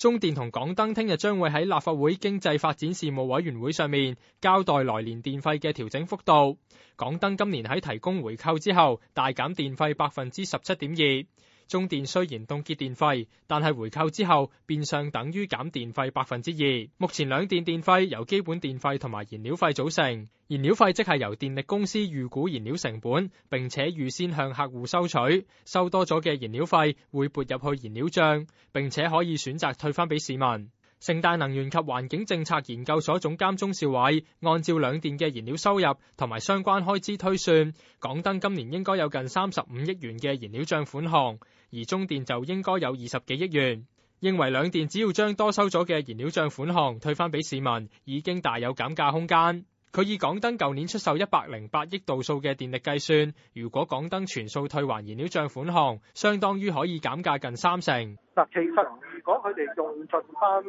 中電同港燈聽日將會喺立法會經濟發展事務委員會上面交代來年電費嘅調整幅度。港燈今年喺提供回扣之後，大減電費百分之十七點二。中電雖然凍結電費，但係回扣之後變相等於減電費百分之二。目前兩電電費由基本電費同埋燃料費組成，燃料費即係由電力公司預估燃料成本，並且預先向客戶收取，收多咗嘅燃料費會撥入去燃料帳，並且可以選擇退翻俾市民。聖大能源及環境政策研究所總監鍾兆偉，按照兩電嘅燃料收入同埋相關開支推算，港燈今年應該有近三十五億元嘅燃料賬款項，而中電就應該有二十幾億元。認為兩電只要將多收咗嘅燃料賬款項退翻俾市民，已經大有減價空間。佢以港燈舊年出售一百零八億度數嘅電力計算，如果港燈全數退還燃料帳款項，相當於可以減價近三成。嗱，其實如果佢哋用盡翻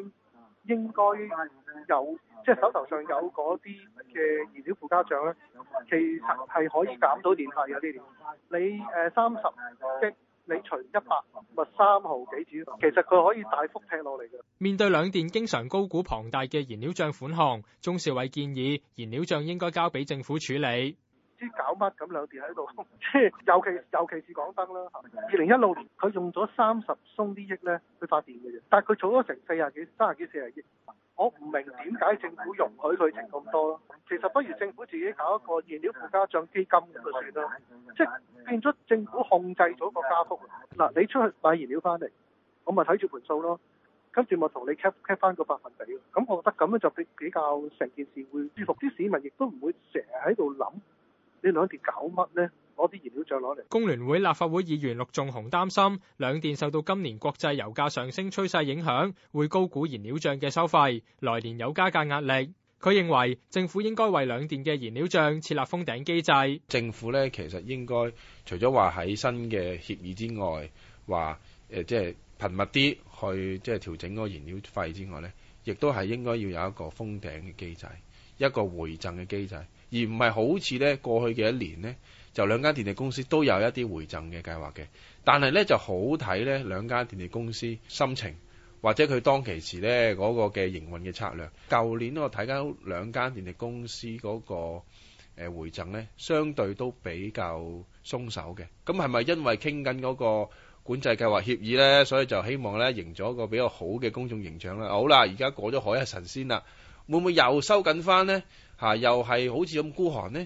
應該有，即係手頭上有嗰啲嘅燃料附加獎咧，其實係可以減到電費有啲年。你誒三十億你除一百咪三毫幾紙，其實佢可以大幅跌落嚟嘅。面對兩電經常高估龐大嘅燃料帳款項，鍾兆偉建議燃料帳應該交俾政府處理。知搞乜，咁兩電喺度，尤其尤其是港燈啦。二零一六年佢用咗三十鬆啲億咧去發電嘅啫，但係佢儲咗成四廿幾三十幾四廿億。我唔明點解政府容許佢情咁多咯，其實不如政府自己搞一個燃料附加帳基金咁就算啦，即係變咗政府控制咗個加幅。嗱，你出去買燃料翻嚟，我咪睇住盤數咯，跟住咪同你 cap cap 翻個百分比。咁我覺得咁樣就比比較成件事會舒服啲，市民亦都唔會成日喺度諗你兩條搞乜咧。攞啲燃料賬攞嚟。工聯會立法會議員陸仲雄擔心，兩電受到今年國際油價上升趨勢影響，會高估燃料賬嘅收費，來年有加價壓力。佢認為政府應該為兩電嘅燃料賬設立封頂機制。政府咧，其實應該除咗話喺新嘅協議之外，話誒即係頻密啲去即係調整嗰個燃料費之外咧，亦都係應該要有一個封頂嘅機制一個回贈嘅機制，而唔係好似呢過去嘅一年呢，就兩間電力公司都有一啲回贈嘅計劃嘅。但係呢就好睇呢兩間電力公司心情，或者佢當其時呢嗰個嘅營運嘅策略。舊年我睇到兩間電力公司嗰個誒回贈呢，相對都比較鬆手嘅。咁係咪因為傾緊嗰個管制計劃協議呢，所以就希望呢營咗一個比較好嘅公眾形象啦？好啦，而家過咗海嘯神仙啦。會，唔會又收緊翻呢吓又係好似咁孤寒呢？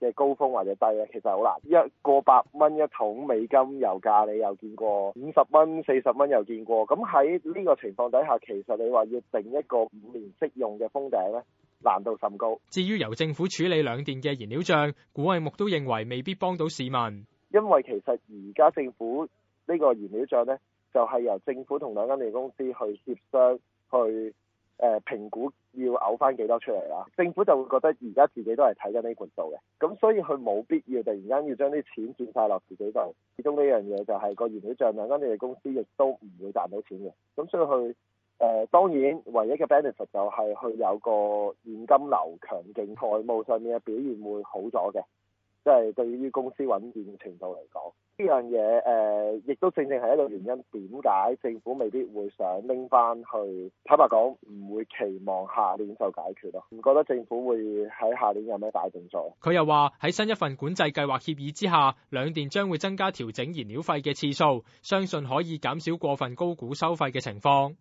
嘅高峰或者低啊，其實好難。一個百蚊一桶美金油價，你又見過五十蚊、四十蚊又見過。咁喺呢個情況底下，其實你話要定一個五年適用嘅封頂咧，難度甚高。至於由政府處理兩電嘅燃料帳，古偉牧都認為未必幫到市民，因為其實而家政府呢個燃料帳咧，就係由政府同兩間電公司去協商，去誒評估。要嘔翻幾多出嚟啦？政府就會覺得而家自己都係睇緊呢盤數嘅，咁所以佢冇必要突然間要將啲錢轉晒落自己度。始終呢樣嘢就係個燃料帳兩間你哋公司亦都唔會賺到錢嘅。咁所以佢誒、呃、當然唯一嘅 benefit 就係佢有個現金流強勁，財務上面嘅表現會好咗嘅。即係對於公司穩健程度嚟講，呢樣嘢誒，亦都正正係一個原因，點解政府未必會想拎翻去？坦白講，唔會期望下年就解決咯。唔覺得政府會喺下年有咩大動作。佢又話喺新一份管制計劃協議之下，兩電將會增加調整燃料費嘅次數，相信可以減少過分高估收費嘅情況。